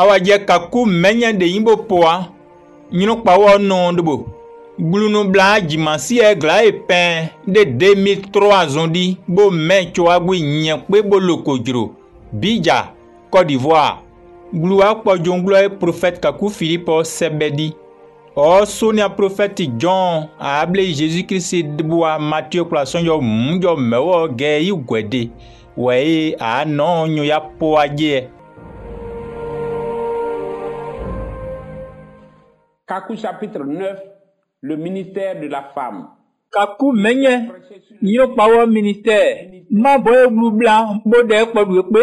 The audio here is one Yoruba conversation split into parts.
awadze kaku menye de yinbo poa nyrɔkpawo nɔ ɖobo gblunu bla dzimasiɛ e gla yi e pɛn de de mi trɔ azɔn ɖi bo mɛ tso agbe nye kpe bo loko dzro bidza cote d'ivoire gblu akpɔdzongblɔ ye prophète kaku philippe sɛbɛ ɖi ɔsónia prophète john able jésus christ boa matthew kple asɔnyɔ mu yɔ mɛwɔ gɛ yi gɔɛ de wɔye anɔ nyo ya po adzeɛ. Kakou chapitre 9, le ministère de la femme. Kakou menye, nyo power ministère. Ma boye blubla, mbode kwa blubwe,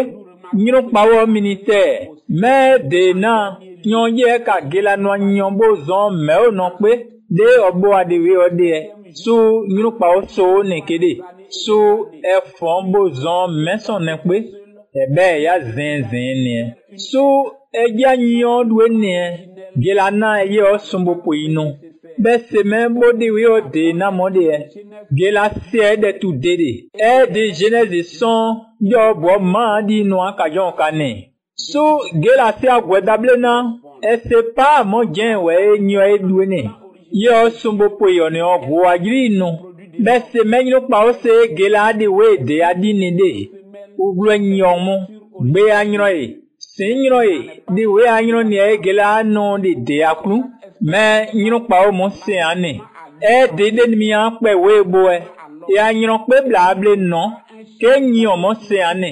nyo power ministère. Me de nan, nyo ye ka gela no nyo bo zon me o non kwe, de obo adewe o de, su nyo power so ne kede, sou e fon bo zon men son ne kwe, ebe ya zenze ne so eya nyo dwe ne gela na ye o sumbo poino be se me bode we o de na mo de gela se de tu de de e de genesis son yo bo ma di no aka jo kane so gela se agwedable na e se pa mo jen we nyo e dwe ne ye o sumbo poyo ne o bo agri no be se me nyo pa o se gela de we de adi ne de wogblɔ nyɔŋ mo gbe anyrɔ ye si nyrɔ ye ɖe woe anyrɔ nea egele anɔ ɖe dea klu mɛ nyrɔkpawo mo se ane e ɖe ɖe mia kpɛ woe boe ya e nyrɔ kpe blable nɔ ke nyiɔ mo se ane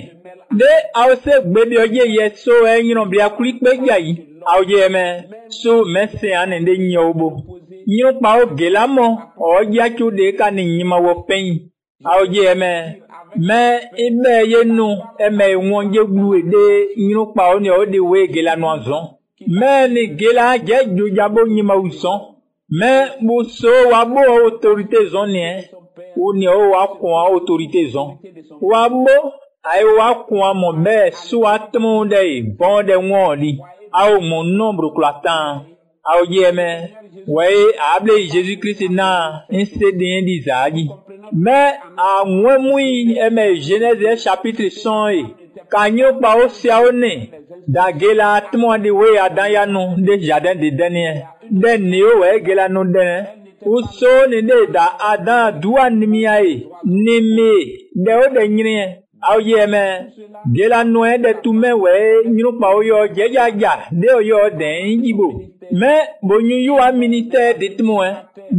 ɖe awose gbebio dze ye so enyrɔ bia kuli kpe dza yi awo dze mɛ so mɛ se ane ɖe nyiɔwo bo nyrɔkpawo gela mɔ ɔ dza tso ɖeka ne nyimawɔ pɛnyi awo dze mɛ mɛ eme ye nu eme ŋɔ dze glu de nyrukpa ne o de woe gela nua zɔn mɛ ne gela dze dzodzabo nyimawu zɔn mɛ boso wa bo autorité zɔn neɛ wo ne o wa kɔn autorité zɔn wa bo ayi wa kɔn mɔ bɛ so wa tɛmɛ o de bɔn de ŋɔ li awo mɔ nɔmbro kura tan awo dzi ɛmɛ wɔye able jesu kristi na nse deɛ di zaa dzi mɛ aŋɔmui ɛmɛ genèse chapitre sɔn ye kanyo kpawo siawo ne dage la tuma de we adaya nu de jardin de deniɛ de neo wɔye gela nu dɛnɛ wosɔ ne de da adan duwa nimia ye nimi de o de nyiri awo yɛ mɛ gela nɔɛ ɖe tume wɛ nyrukpawo yɔ dzedzadza ɖe yɔ dɛn yibo mɛ bonyi yiwa minitɛ detumɛ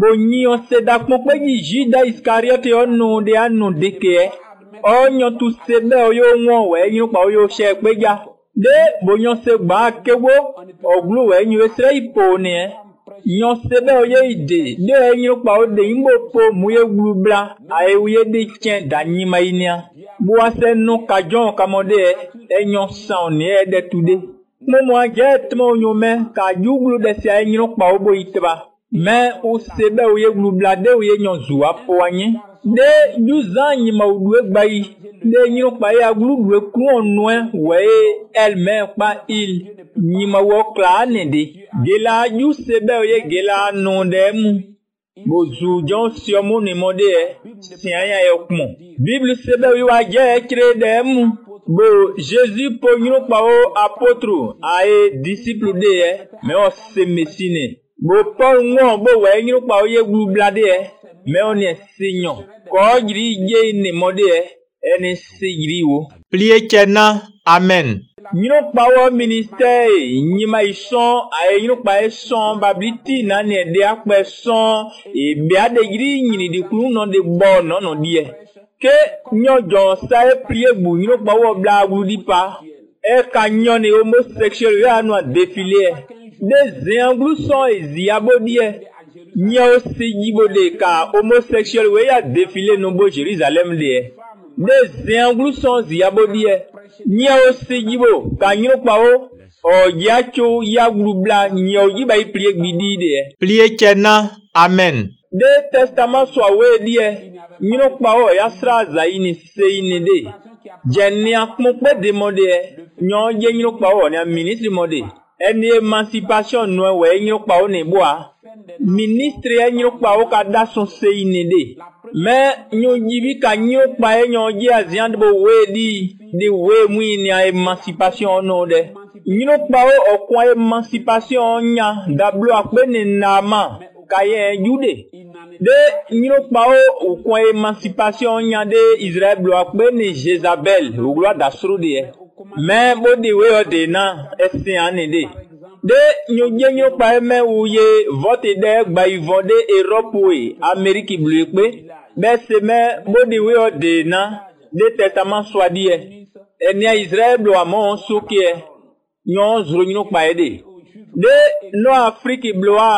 bonyi yɔ sedakpɔkpɛ yi zi da iskariɔti yɔ nu de anu dekeɛ ɔnyɔtu e, se bɛ yɔ ŋɔ wɛ nyrukpawo yɔ sɛ gbedza de bonyɔ se gbã kewo ɔglu wɛ nyo esrɛ yi po neɛ. E yɔnsebɛ ye ide de enyo kpa wo de yin bo kpo mu ye wlu bla aye wo ye de tiɛ da nyima yi nia boase nu kadzɔn kamɔ de yɛ enyɔ san ne yɛ de tu de mɔmɔa dze tɔmɔ nyo mɛ kadu wlu de sia enyo kpa wo bo yi teba mɛ wo sebɛ wo ye wlu bla de wo nyɔ zu aƒo anyi ne nyuzã yi ma wo ɖue gba yi ne nyiro kpa ya glu ɖue kruɔ nɔɛ wɔye ɛlmɛ kpa il yi ma wɔ kla ne de gela nyu se bɛ ye gela nɔ ɖe mu bozu jɔn siɔmu ne mɔ de yɛ siã ya yɛ kumɔ bibli se bɛ yi wa jɛ ɛtsire ɖe mu bo jesu po nyiro kpa wo apotro aye disiplu de yɛ mɛ wɔ se mesi ne bo pɔl ŋɔ bo wɔye nyiro kpa wo ye glu bla de yɛ mɛwo ne se nyɔ kɔɔ dziri dze ne mɔde yɛ ɛne se dziri wo. plie tse na amen. nyinokpawo minisitɛ nyima yi sɔn aye nyinokpa ye sɔn babili ti nani ɛdi akpɛ sɔn ebia de yiri nyini de kunu nɔ de bɔ nɔnɔ di yɛ ke nyɔdzɔ sa ye plie gbu nyinokpawo bla awudi pa eka nyɔ ne homosexual yɛ anɔ defile yɛ de zɛn glusɔn ezi abo di nyawo si nyibo de ka homosexual we ya defile nu bo jerusalem deɛ ne zɛnglu sɔn ziyabo deɛ nyawo si nyibo ka nyrokpawo ɔdza tso yaglubla nyawo yiba yi plie gbidi deɛ. plie tsɛ na amen. de testament sɔ awoe deɛ nyrokpawo yasra azayi ni seyi ni de dzenia kpɔnkpɛ demɔ deɛ nyɔɔ dze nyrokpawo ni ministre mɔ de ɛni emancipation nɔɛ wɔ enyirokpawo ni boa. Ministre e nyo kwa ou ka da son seyine de. Men, nyo jivi ka nyo kwa e nyo jia zyan de bo we di de we mwenye emancipasyon nou de. Nyo kwa ou e okwa emancipasyon nya da blo akbe ne Nama kaya enjou de. De, nyo kwa ou e okwa emancipasyon nya de Izrae blo akbe ne Jezabel, ou glo a dasro de. E. Men, bo de we o de nan, esen ane de. ɖe nyonyenyo kpa emewu ye vɔte ɖe gba yivɔ ɖe erɔpoe ameriki blue kpe bɛ se mɛ bodiwe yɔ de na ɖe tɛtama suadiɛ enia e israel blɔ amɔ sokeɛ nyɔ zoro nyɔnu kpa yɛ e de ɖe nɔ afriki blɔa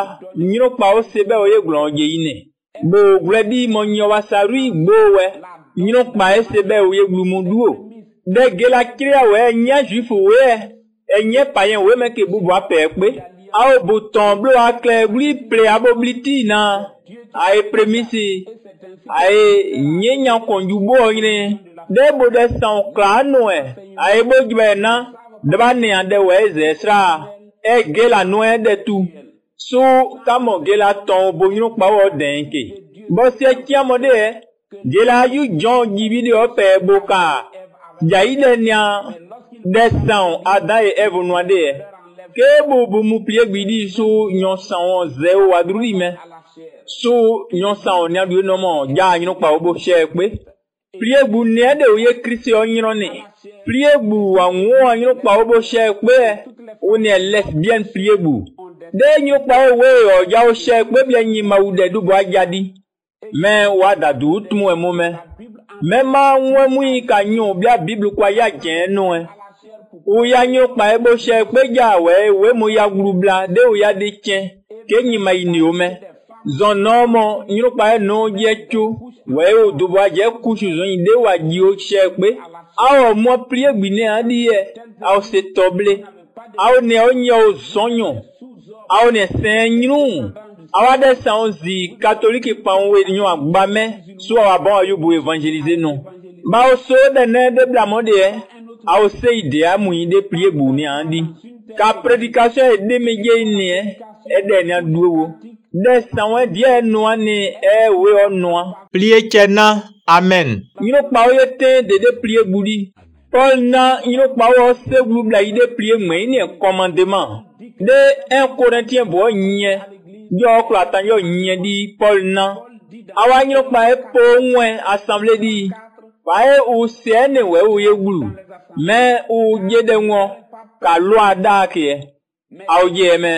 nyɔnu kpa wo se bɛ woye gblɔ dze yi nɛ bo gblɔ ɖi mɔnyɔ wasarui gbowɛ nyɔnu kpa yɛ e se bɛ woye glumu du o ɖe gela kiri awɔ yɛ nya juifu wɔɛ enye payen wo meke bubu apɛ kpe awo botɔn blo aklɛ wli ple abo bli ti na aye premisi aye nye nyakɔnju bo ɔnyine ɖe bo ɖe sàn kla nɔɛ aye bo dzibɛ na daba ne aɖe wɔ eze sra ege la nɔɛ ɖe tu so kamɔ ge la tɔn bo nyɔnu kpawɔ dɛn ke bɔsɛ tiamɔ e de yɛ ge la yu dzɔn dzibi de wɔ pɛ bo ka dza yi ɖe nia ɖe sãwo ada yi evo nua ɖe yɛ ke bobo mu plie gbiɖi so nyɔsãwo zewo wadruɖi me so nyɔsãwo niaɖu enɔmɔ dza anyrɔkpa wobo sɛ kpe plie gbu nea ɖe woye kristi ɔnyrɔ nɛ plie gbu aŋuwo anyrɔkpa wobo sɛ kpe wone lesbian plie gbu ɖe nyrɔkpa wo we ɔdzawo sɛ kpe bia nyi mawu ɖe ɖubu adza ɖi mɛ woada du tum emu mɛ mɛ ma ŋu emu yi ka nyo bia biblu kɔ ya dzɛ nu ɛ. E uya nyokpa ebo she kpeja we we mu ya gurubla de uya de tse ke nyima yi ni ome zɔnɔmɔ nyokpa ye no dze tso we wo dobo adze kusu zɔnyi de wa dzi wo a o awɔ mɔ plie a ne aɖi yɛ awɔ se tɔble awɔ ne wo o wo a o ne sɛn nyinu awɔ aɖe sãwo zi katoliki pãwo nyɔ agba mɛ so awɔ abɔ wa yobo evangelize nɔ bawo so ɖe ne ɖe blamɔ de yɛ au sei de amu yi de plie bu ni andi ka predication e de meje ni e e de ni aduwo de sanwe die noa ni e we o noa plie chena amen yino pa o yete de de plie budi Paul na yino pa o se glu yi de plie mwe ni commandement de 1 Corinthiens bo nye yo klo atan yo nye di Paul na awa yino pa e po nwe assemblée di fae usie ne wɔ uye wlu mɛ udze ɖe ŋɔ ka loa daa keɛ awo dze mɛ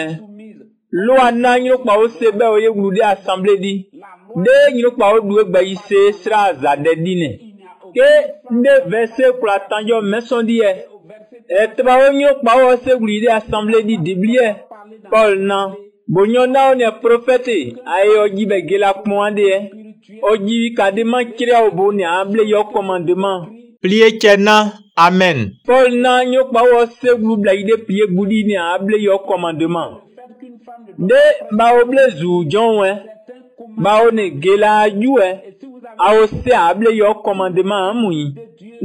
loa na nyrokpawo se be oye wlu ɖe asamble ɖi ɖe nyrokpawo ɖu egbe yi se sra aza ɖe ɖi nɛ ke ne vɛse kplɔ atadzɔ mɛsɔn ɖi yɛ etebawo nyrokpawo se wlu yi ɖe asamble ɖi dibliɛ paul na bonyɔnawo ne profɛte aye yɔ dzi be gela kpɔn aɖe yɛ. Odzi kaɖema tsria wo bo ne able yɔ kɔmandema. Plie tse na, amen. Paul na nyɔkpawo seglu bla yi ɖe pie gbuɖi ne able yɔ kɔmandema. Ɖe bawo ble zu dzɔwɔe, bawo ne gela yue, awo se able yɔ kɔmandema mui.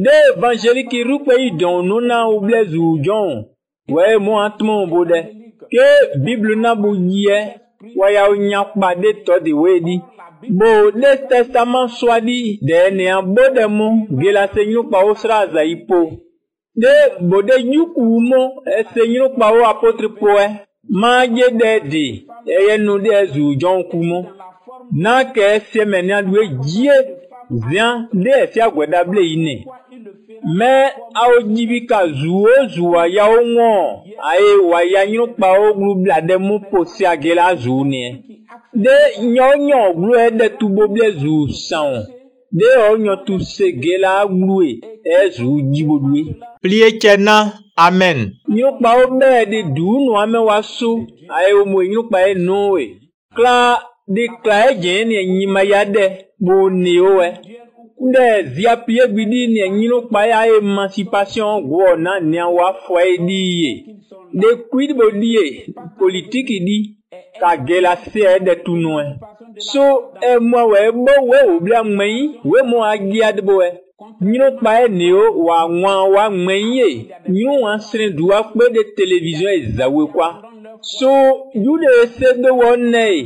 Ɖe evangeliki rukpe yi dɔn nu na wo ble zu dzɔwɔ, wɔe mo atuma wo bo ɖe. Ke biblu na bu yie, wɔyawo nya kpa ɖe tɔ de woe ɖi bo ne testament swadi de ne abodemo gelase nyukpawo sra zaipo de bo de nyukumo ese nyukpawo apotri poe ma je de di eye nu de zu jon kumo na ke e se me na du ejie zian de efi agweda ble ine me awo dzibi ka zuwo zuwa yawo ŋɔ aye waya nyukpawo gblu bla de mu posia gela zu ne ɖe nyɔnyɔ gblɔ ɖe tugbobble zu são ɖe wònyɔ tu sege la gblue ezu dziboɖue. plie tse na amen. nyɔkpawo bɛ de dunu ame wa so e aye wo mo nyɔkpa ye nu we kla ɖe kla e e ye dze ne nyima ya ɖe bo ne wo wɛ zia plie gbi ɖi ne nyɔkpa ya ye emancipation gbɔ na nea wa fɔ ye ɖi ye ɖe kui ɖi ye politiki ɖi kage la sea ɖe e tunɔe so emɔ wɔ ebe wo wòblia ŋmɛ yi wo mɔ agia de boɛ e. nyɔnu kpa enewo wòa ŋua wòa ŋmɛ yi ye nyɔnu wòa srɛ du wa kpe ɖe televizion ezawoe kua so yu de ese do wɔ ne ye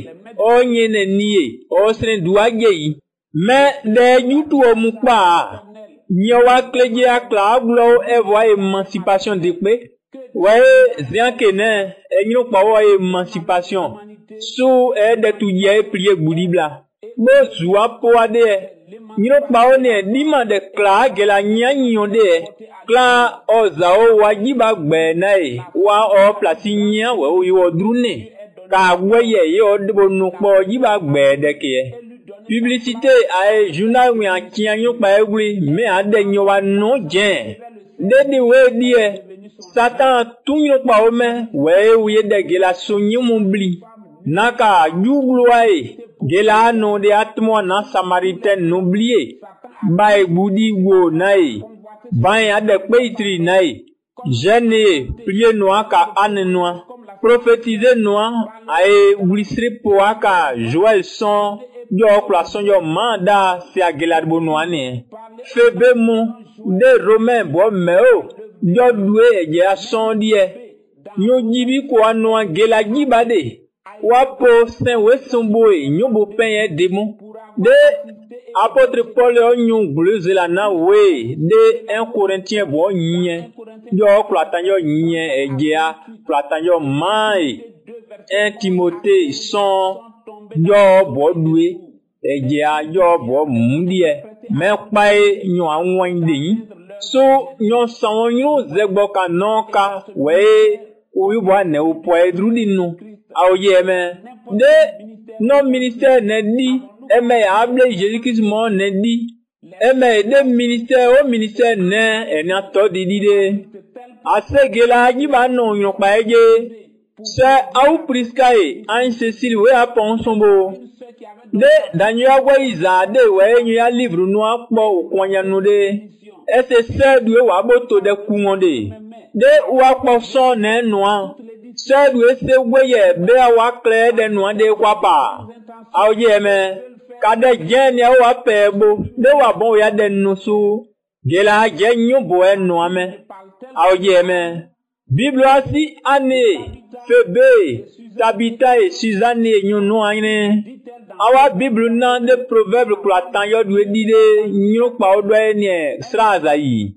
ɔnye ne ni ye ɔsrɛ du wa dze yi mɛ ɖe yutuwɔ mu kpaa nyɔ wa kle dze akla agblɔ evɔ emancipation de kpe wɔye ziake ne enyo kpɔwɔ ye emancipation so eɖetugbi ye plie gbuɖi bla be zua po aɖe ye nyirokpawo ne ɖima ɖe kla agela nyia nyio ɖe ye kla ɔzawo woadzi ba gbe na ye eh. wa ɔ oh, plasi nyia oh, wɔwo yi wɔdru nɛ kagbɔ ye ye wɔɖebo nukpɔ dzi ba gbe ɖeke ye eh. publicité aye journal ŋun atia nyokpa ye wuli mɛ aɖe nyɔ wa nɔ dzɛ ɖeɖe wo ye ɖi Satan tou yon pa omen, weye ouye de gela sou nyon moumbli. Nan ka yu glouay, gela anou de atmou nan Samariten non moumbliye. Baye boudi wou naye, baye ade kweytri naye, jene plie nou an ka ane nou an, profetize nou an, aye oublisri pou an ka jowel son, yon okla son yon manda si a gela dbo nou ane. Febe mou, ou de romen bon, bwa mè ou, oh. dzɔɖue edze asɔ̃ ɖiɛ nyodzi bi ko anɔa gela dzi ba de woapo sɛ wosomboe nyobo pɛnyɛ demo de apɔtri pɔlɔ nyo gbolozi la na woe de ɛnkorɛntiɛ bɔ nyiɛ yɔ kplɔatanyɔ nyiɛ edzea kplɔatanyɔ mae ɛntimote sɔ̃ yɔ bɔ ɖue edzea yɔ bɔ mu ɖiɛ mɛ kpae nyɔ aŋɔnyi de nyi so nyɔnsɔn yóò zɛgbɔ ka nɔ ka wɔye wo yibɔ anɛwo pɔ edruli nu awo yi ɛmɛ de nɔ minisɛ nɛ di ɛmɛ e yà ablɛ jesu nɛ di ɛmɛ e de minisɛ o minisɛ nɛ ɛnɛ e tɔ di de asege la yi ba nɔ nyɔkpa yɛ dze sɛ awu priska yi anyi wo yà pɔn sɔnbo de danyɔya wɔ yi zaa de wɔye ya livru nua kpɔ wòkɔnyanu de esese ɖue wòa bo to ɖe ku De ɖe ɖe woakpɔ sɔ ne nua sɔ se woe yɛ be woaklɛ ɖe nua ɖe woaba awo dzi yɛmɛ ka ɖe dze nea woapɛ bo ɖe woabɔ ya ɖe nusu gela dze nyobo enua mɛ awo dzi yɛmɛ. Biblasi ane, febe, tabita e sizane yon nou ane. Awa Biblu nan de proverbe kula tan yo dwe di de nyon kwa o dwe nye sra zayi.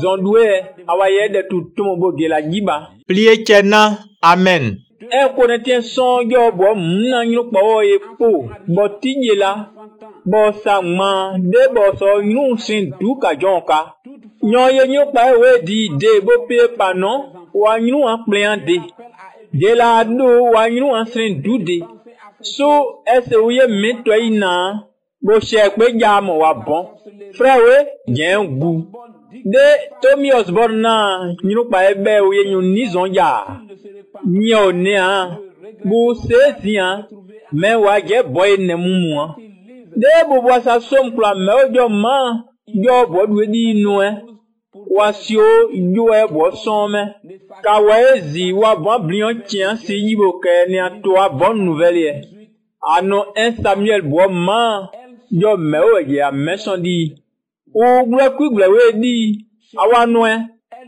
Zon dwe awa ye de toutou mbo ge la giba Pliye tjena, amen. E konetien son yo bo mnan nyon pa o e po, bo tije la, bo sa man, de bo so yon sin tou ka jon ka. Nyon ye nyon kwa e di de bo pe panon wanyuwa kplẽa de dela do wanyuwa srẽ du de so ese wo ye mmetɔ yi naa bo hyɛ kpe gyaama wa bɔn frɛwe gyɛn gu de tomi osborn naa nyinu kpa ebe wo ye nyinu nizɔn gyaa nyɛ o nea bo seesia mɛ wa gye bɔ ye nɛ mumua de bobo asa som kura mɛ o jɔ maa jɔ bɔ duwe di inu ɛ. E woasiwo yiwoe bɔ sɔŋ mɛ kawoe zi woavɔ bliɔ tia si yibo kɛ neato avɔ nuvɛliɛ e. anɔ ɛn samuel bɔ ma yɔ mɛwo yɛ e amɛsɔn di e wo gblɛ kui gblɛ woe di awa nɔɛ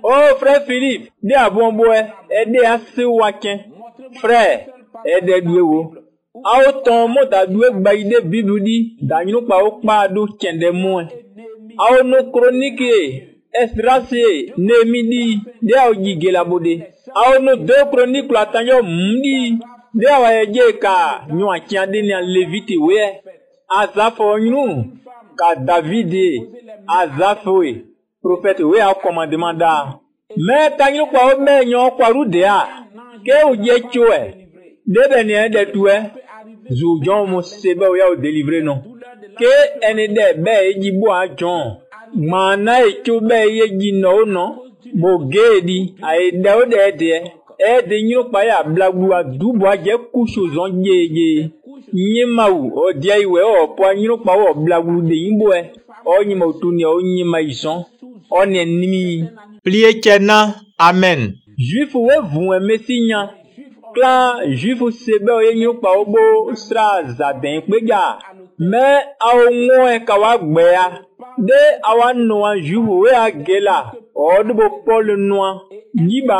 o frɛ philip de abɔnbɔɛ ɛde ase wa kɛ frɛ ɛdɛ due wo awo tɔn mɔta due gba yi de bibu di danyinukpa wo kpa do tsɛn dɛ mɔɛ awo no kronike espérance ne midi de awo dzi gela bo de awo no do kroniklo atanyɔ mu ni de awo ayɛ dze ka nyɔatia de na levite wɛ azafo nynu ka david azafoe prophète wɛ akɔmadema da mɛ tanyɔ kpɔ mɛ nyɔ kpɔru dea ke wo dze tsoɛ de bɛ nea de toɛ zu jɔn mo sebɛ o ya o delivre nɔ ke ɛni dɛ bɛ edzi bo a jɔn maana etsube ye dzinawo nɔ bogee ɖi ayeɖewo ɖe ɖeɛ eɖe nyo kpa ya blagbua dubua dze kuso zɔn dzedze nyimawu ɔdia yi wɔ ewɔ poa nyo kpa wɔ blagbu de yiboɛ ɔnyima wotu ne ɔnyima yi zɔn ɔnɛ nimi. plie tse na amen. juifu wo vun eme si nya kla juifu se be oye nyo kpa wo bo sra zadɛn kpedza mɛ awo ŋɔɛ kawa gbɛya ɖe awa nɔa juvowe a ge la ɔ ɖe bo kpɔlu nɔa yiba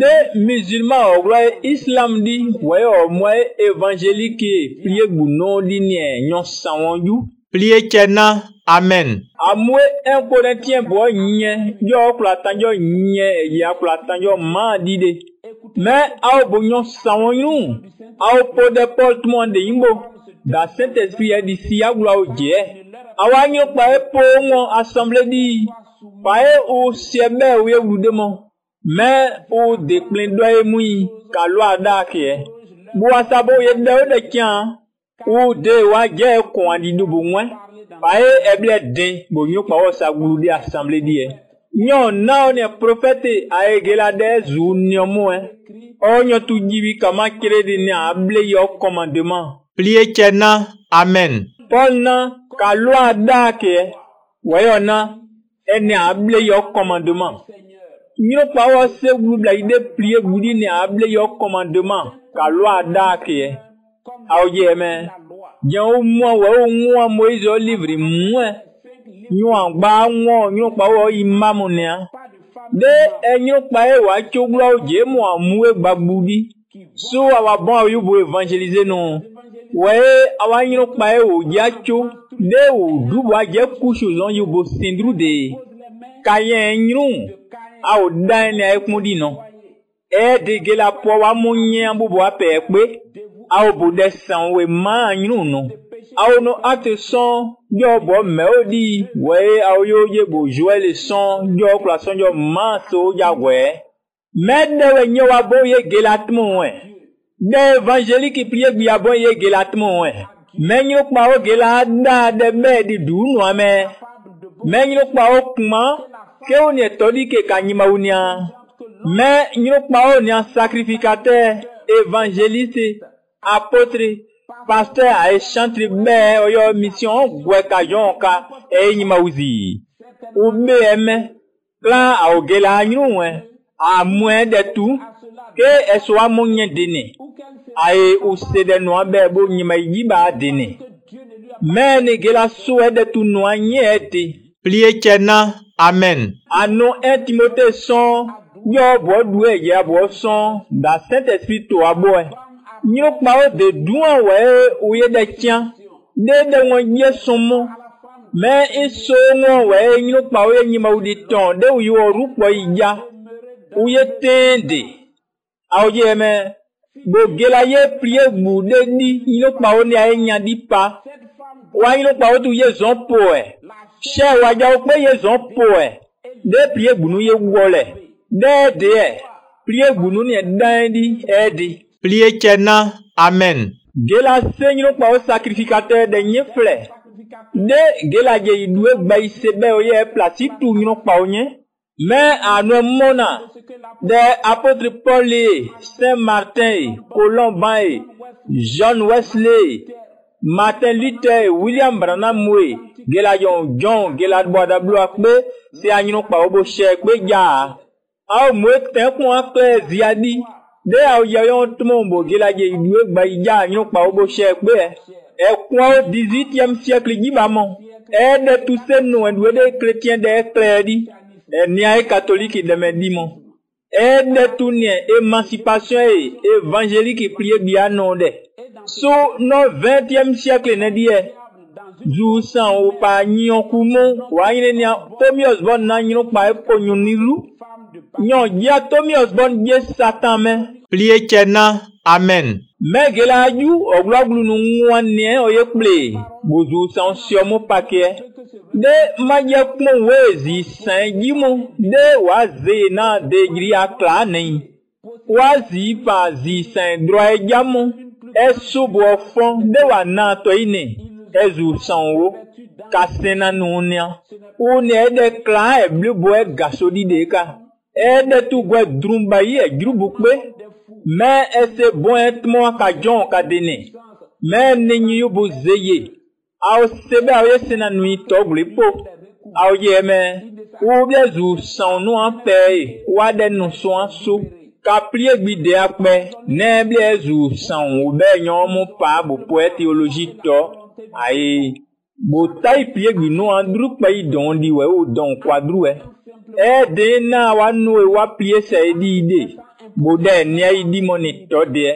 ɖe musulman ɔwlɔ ye islam ɖi wɔye ɔmɔ ye evangelike plie gbunɔ ɖi nɛ nyɔ sanwɔ ju. plie tse na amen. amoe eŋko ɖe tiɛ bɔ nyiɛ yɔ kplɔ atanjɔ nyiɛ eya kplɔ atanjɔ maa ɖi de mɛ awo bo nyɔ sanwɔ nyu awo po ɖe pɔl tuma de yin bo dasetespia ɖi si awlawo dzeɛ awoanyo kpae powo ŋɔ asɔmble ɖi kpae wo sie mɛ wo ye wlu ɖe mɔ o wo de kplẽ dɔ ye mui kalo aɖa keɛ bo asabo ye ɖe wo ɖe tsã wo de wa dze kɔn aɖi do bo ŋɔe kpae eble de bo nyo kpawo assemblé di, asɔmble ɖiɛ nyɔ nawo ne profete ayege la ɖe zu niɔmoɛ ɔnyɔtu dzivi kama kele ɖi ne able yɔ kɔmadema. plie na amen paul na ka lɔ a daa kɛ wɔyɔ na ɛnɛ able yɔ kɔmandema nyɔkpawo se gbubla yi ɖe plie gudi ne able yɔ kɔmandema ka lɔ a daa kɛ awo dze mɛ dze wo mua wɔwo ŋua mua, wo livri mua nyɔagba ŋua nyɔkpawo yi mamu nea ɖe enyɔkpa ye wòatso gblɔ wo dze mua mue gbagbudi. so awa bɔn awo yibo evangelize nɔ wɔye awa nyrɔ kpa ye wò dza tso ne wò dubu adze kusu zɔn yibo sindru de ka yɛ nyrɔ awo da yɛ ne ekun di nɔ ɛdege la pɔ wa mo nyɛ bubu apɛ kpe awo bo de san wo ma nyrɔ nɔ awo no ate sɔn yɔ bɔ mɛ o di wɔye awo yɔ yebo zoɛ le sɔn yɔ kpla sɔn yɔ ma so yagɔɛ. Mè dè wè nyo wabon yè gélat moun wè. Nè evanjeli ki priye gwi yabon yè gélat moun wè. Mè nyo kwa wè gélat nan dè mè di doun wè mè. Mè nyo kwa wè kouman ke ou nye tolike ka njima ou nyan. Mè nyo kwa wè nyan sakrifikatè, evanjeli se, apotre, pastè a e chantri mè wè yo misyon wè kajon ka e njima ou zi. Ou mè mè, klan a wè gélat moun wè. amue ɖe tu ke esoa mo nye dene aye wose ɖe nua be bo nyime yi ba dene mɛ ne la so ɖe tu nua nye ete. plie tse na amen. anɔ ɛ timote sɔn yɔ bɔ du ɛ e yɛ bɔ sɔn da sɛtɛ fi to abɔɛ e. nyɔkpawo de dua wɔɛ woyɛ ɖe tia ɖe ɖe ŋɔ yɛ sɔmɔ mɛ esɔ ŋɔ wɔɛ nyɔkpawo yɛ nyimawo di tɔn ɖe wo yi wɔ rukpɔ yi ya uyetende awoyeme gbogela ye plie gbu ɖe ni yinokpawo ne aye nya ɖi pa wa yinokpawo tu ye zɔn poe sɛ wadzawo kpe ye zɔn poe ɖe plie gbunu ye wɔ le ɖe deɛ e. plie gbunu ne dan ɖi ɛɖi. plie tse na amen. gela se yinokpawo sakrifikate ɖe nye flɛ ɖe gela dze yi du egba yi se be o ye plasi tu yinokpawo nye. Mais à nos Nomona, des apôtres Paul, e, Saint-Martin, Colombin, John Wesley, Martin Luther, William Branham we, Gelayon John, Gelad Boadablo Akbe, se anyino pa Obosher shekbe ya. Ao mwe tenkon akbe ziyadi, de ao yayon tmombo, Gelaye idwe gba ya anyino pa Obosher shekbe. et kwa o 18e siècle gibamon, et de tous ces noms endwe de chrétiens de ekle E eh, nya e katolik eh, e demè di moun. E detou nye emancipasyon e evanjelik e priye biyan nonde. Sou nou 20èm siyakle nè diye. Jou san ou pa nyon kou moun. Ou a e yon e nyan. Pomi yo zvon nan yon ou pa epon yon nilou. Nyɔ nyia to mi osborn ye satan mɛ. Plie tse na, amen. Mɛgela ju ɔwlɔwlunu ŋuanie oye kple bozu san siɔmu pakiɛ. De madze kpɔn we zi sɛn dzimu de wa ze na de yiri akla ne. Wa zi pa zi sɛn drɔ edzamu. Esubu ɔfɔ de wa na tɔ yi ne. Ezu san wo kasena nu nia. Wo ne eɖe kla eblibo egaso ɖi ɖeka ene tugbɛ durumba yi edrubu kpe mɛ ese bɔn etmɔ ka jɔn ka dene mɛ nenyi yobo zeye awo sebe awo ye sena nui tɔgli po awo ye mɛ wo bia zu sɔn nua pɛ ye wa de nu sɔn so kapli egbi de akpɛ ne bia zu sɔn wo bɛ nyɔmu pa bo poɛ teolozi tɔ aye bo ta yi pli egbi nua duru kpɛ yi dɔn di wɛ wo dɔn kwadru wɛ. E de nan wan nou e wap liye sa yi di ide, Boudè niye di moun e todè.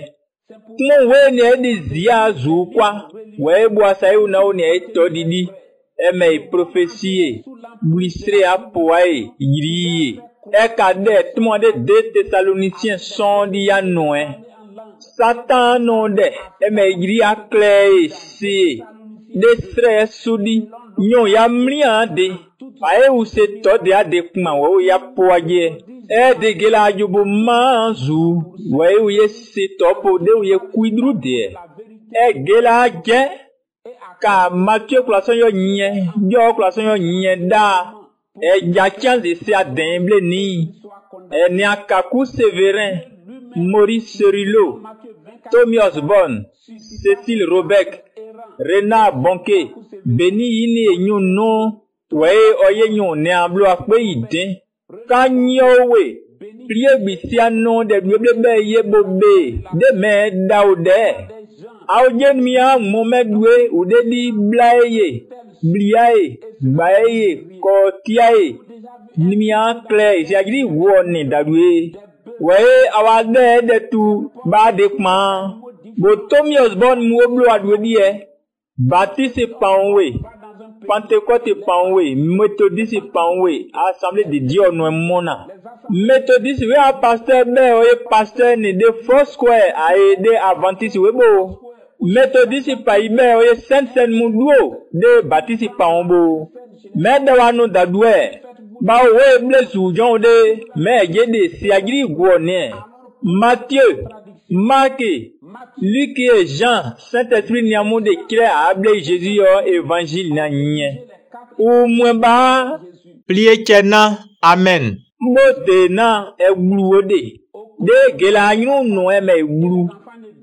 Moun wè niye di zi a zou kwa, Wè e bwa sa yi ou nan wou niye todi di, Emei profesiye, Bwisre ap wè, e Griye. Ek adè, tmwande dete talonisyen sondi ya nouè. Satan non de, Emei griya kleye e se. ɖe srɛ suɖi nyɔ ya mlia ɖe aye wuse tɔ ɖe aɖe kuma wɔ wo ya poa dze ɛɛɖe ge la adzobo maa zu wɔ ye wo ye se tɔ po ɖe wo ye kui dru deɛ ɛɛge e la dze ka matue kplɔ asɔ yɔ nyiɛ yɔ kplɔ asɔ yɔ nyiɛ ɖaa ɛdza e tia de se adɛn ble ni ɛnia e kaku severin maurice serilo tommy osborn cecil robert rena bonke beni yini enyo no wee oye nyo ne ablo akpe idin ka nyo we plie gbisia no de gbegbegbe ye bobe de me da o de awo dze mi a mo me due o de di bla eye blia ye gba eye kɔ tia ye nimia klɛ esiagiri wɔ ne dadue wee awo ade de tu ba de kpã bo tomi osborne mu wo blo aɖue die. Baptiste panwe, Pentecôte panwe, méthodiste panwe, Assemblée de Dieu on mona. méthodiste we a pasteur mais o pasteur ni de force quoi a ye de Adventiste we bo. Methodiste pa ibe o ye saint saint muduo de Baptiste panwo bo. Me de wa nu dadue. Ba o we blesu jon de mais je de siagiri gwo ne. Matthieu, Marc, Luk et Jean, Saint-Esprit Niamou déclare à appeler Jésus au évangile na nye. Ou mweba. Plie tchena, amen. Mbote na egbulu ode. De gela yon no eme egbulu.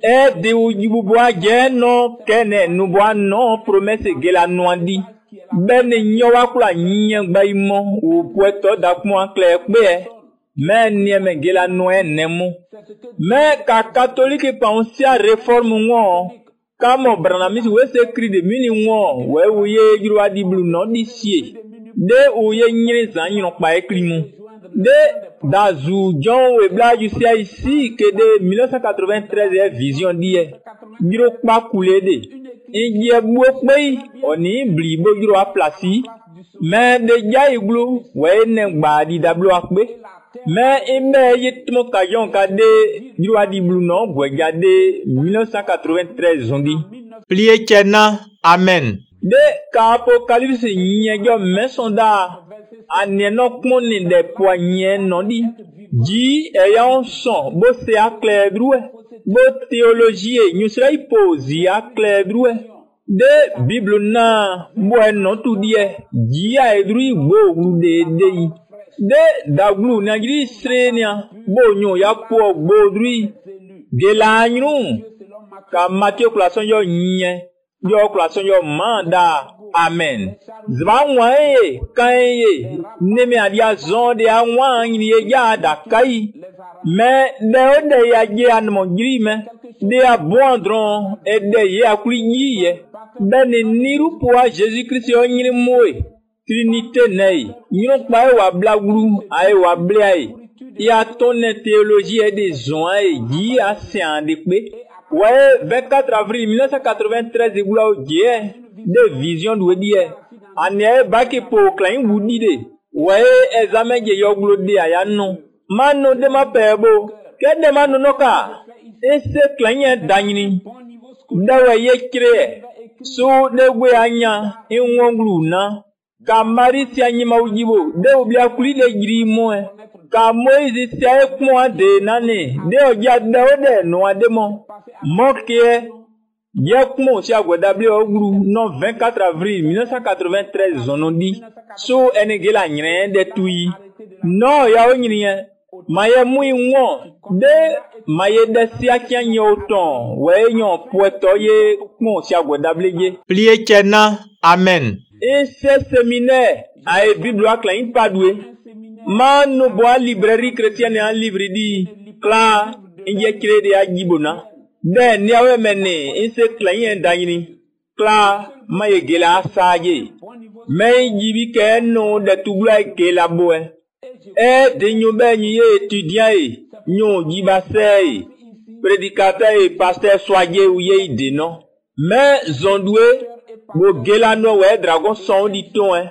E de ou jibubo aje no kene nubo no promesse gela nwandi. Bene nyo wakula nye gba imo. Ou pweto dakmo ankle ekbe mɛ niɛmɛge la nɔɛ nɛmu mɛ ka katoliki pãn sia reforme ŋɔ ka mɔ branamisi wese kiri de mini ŋɔ wɛ wo ye yiriwa di blu nɔ di sie de wo ye nyiri zã nyɔnɔkpa ye kli mu de dazu jɔn wo bla yusia isi ke de 1993 ye vision di yɛ yirokpa kule de ŋdie buo kpei ɔni bli bo yiriwa plasi. Men de gya yu glou, weye nen wadi dablo akbe. Men eme ye tmo kajon kade njil wadi blou nan, weye gade 1993 zondi. Plie kena, amen. De kapo kaliv se nyen gyo men sonda, anenok monen de pwa nyen nondi. Di e yon son, bo se akle groue. Bo teolojiye, nyousre yi pozi akle groue. de biblu naa mbɔɛ nɔtu deɛ jia eduru igbooru deede yi de dagulu nagiri sirenia gbonyo ya kpɔ gbooduru gelaanyiru ka matthew kulasɔn yɔ nyiɛ yɔ kulasɔn yɔ maa daa. Amen. Zba ŋwa ye, kan ye, ne a aɖia zɔn de aŋwa yi ye ya aɖaka yi. Mɛ ne o de ya dze anumɔ dziri mɛ, de abɔn dɔrɔn, eɖe ye akuli yi yɛ. Bɛ ne nirupoa Jésus Christ yɔ nyiri moe, trinité ne e. yi. Nyɔnukpa ye wa bla wuru, aye wa blia ye. Ya e ton ne théologie ye de zɔn ye, dzi asɛn aɖe kpe. Wɔye 24 avril 1993 wulawo dziɛ de vision do edi yɛ e. ane e baki po klain wu di de wɔye ɛzame e dze yɔglo de aya nu manu de ma pɛ bo ke de ma nu nɔka ese klain yɛ danyini dawɔ ye tsire yɛ so de we anya eŋɔglu na ka mari sia nyimawo dzi bo de wo bia kuli le dziri mɔɛ ka moise sia ekpɔn de nane de o dza de o de nua de mɔ mɔ keɛ. Gye kmo sya gwe dable ou grou non 24 avril 1993 zonon di. Sou ene gela nyen de tuyi. Non ya ou nyen. Maye mwen yon. De maye de sya kyan yon ton. Weye yon pweto ye kmo sya gwe dable ge. Plie kena. Amen. En se seminer a e biblwa klan yon padwe. Man nou bo a libreri kretyen yon livri di. Klan yon je krede a gibona. ɖe niawo me ne nse kle yi da nyini kpla maye ge la asaadze mɛ yi bi ke eno ɖetugblɔ yi ke la boe e de nyo be nyi ye etudia ye nyo dziba ye predikata ye pasteur soadze ye de nɔ mɛ zɔndoe bo ge la nɔ wɔ dragon sɔn di to ɛ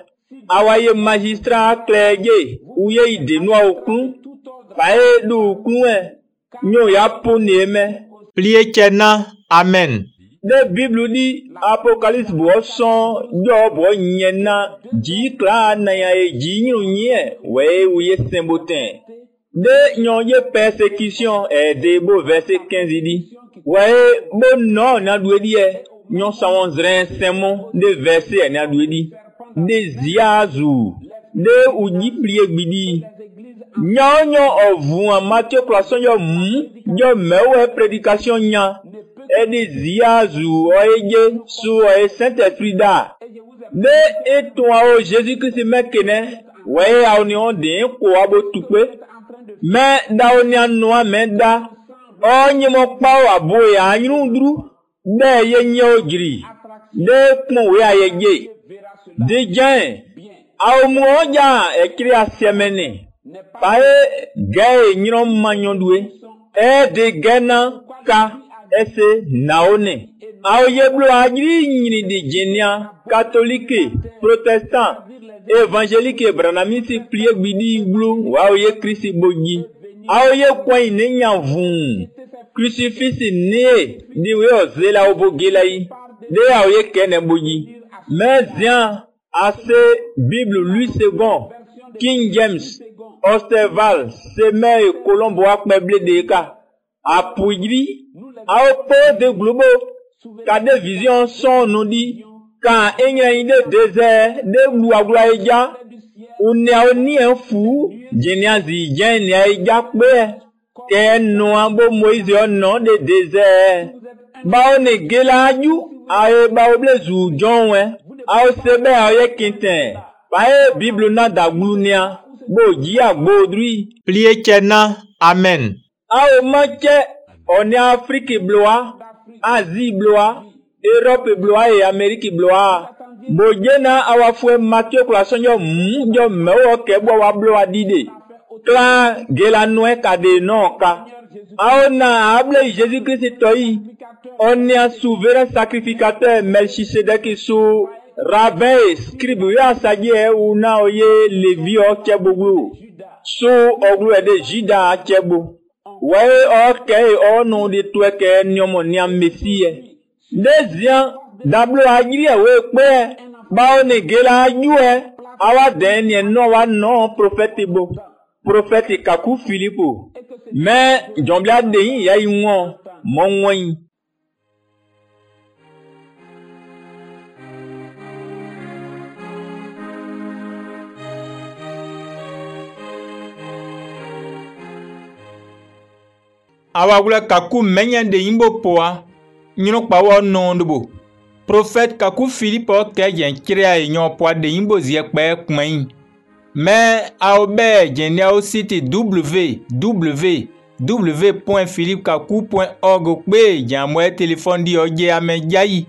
awa ye magistrat klɛ ye wo ye de nɔ wo klu fa ye ɖo klu ɛ nyo ya po ne mɛ plietse na amen. ne biblu ni apokalipsi bɔ sɔn yɔ bɔ nyɛ na dzi kla naya ye dzi nyɔ nyɛ wɔye wo ye sɛnbo tɛ ne nyɔ ye persecution ɛde bo verse quinze di wɔye bo nɔ naɖue di yɛ nyɔ sɔn zrɛ sɛmo ne verse naɖue di ne zia zu ne wo nyi plie gbi Nyɔnyɔ evua Mateo klasɔn yɔ mu yɔ mɛwɔ predikasiɔn nya eɖi zia zu ɔye dze su ɔye sɛntɛ fri da. Ne etɔ̃awo Jezu Kristi mɛke nɛ wɔye awo ni wɔn de ko abo tukpe. Mɛ dawo ni anua mɛ da ɔnyemɔkpawo abo ye anyinudru ne ye nyewo dzri ne kpɔn wo ya ye dze. Didzɛn awo mu wɔn dza ekiri asiɛmɛ nɛ bae gɛe nyrɔm ma nyɔnue ɛɛdi gɛna ka ɛsɛ nawo nɛ awo yeblo anyiri nyiri di dzinia katolike protestant evangelike branamisi plie gbidi gblu wawo ye kristi gbodzi awo ye kɔnyi ne nya vuu crucifixi nee di wo ɔze la wo bo ge la yi de awo ye kɛ ne gbodzi mɛ zia ase bible lui second. King James, Osterval, Semer et Colombo akpɛble ɖeka. Apuiri, awo de globo, kade vision sɔn nu ɖi, ka enyanyi ɖe deze ɖe lu agla yi dza. Oneawo ni efu, dzenia zi dze nea yi dza kpe. Tɛ nua bo Moise ɔnɔ ɖe deze. Bawo ne ge la adu, aye bawo ble zu jɔn wɛ, awo se bɛ awo ye kente. Faye Biblo nan daglounia, boji a godri. Pliye chenna, amen. A ou manche, onye Afrik e blowa, Azi blowa, Erop e blowa, e Amerik e blowa. Bojen nan a wafwe matyo kwa san yo moun yo mwok e wawablowa dide. Klan gelanwe kade non ka. A ou nan hable yi Jezikris etoyi, onye souveren sakrifikatè, mershi sedeke sou, Rabais kribu ya sagye eh, una oye eh, levi o oh, chebo wu. So oglu ede eh, jida chebo. Wae o ke oh, o nu di tweke nyomo nyam mesie. Dezian dablo agiri ah, we pe ba o oh, gela ajue ah, awa den no wa no prophetable. Prophète Kaku Philippe. Mais Jombia de yin ya yin won mo won yin. awa gblɔ kaku mɛnyɛ ɖe yimbo poa nyrɔkpawɔ nɔ ɖobo profɛt kaku filipɔ kɛ dzɛntsia yi nyɔ poa ɖe yimbo zie kpɛ kumɛyi mɛ awo bɛ dzɛniawo siti point www.philipkaku.org kpe dzamɔɛ telefɔni ɖi yɔ dze amedzia yi.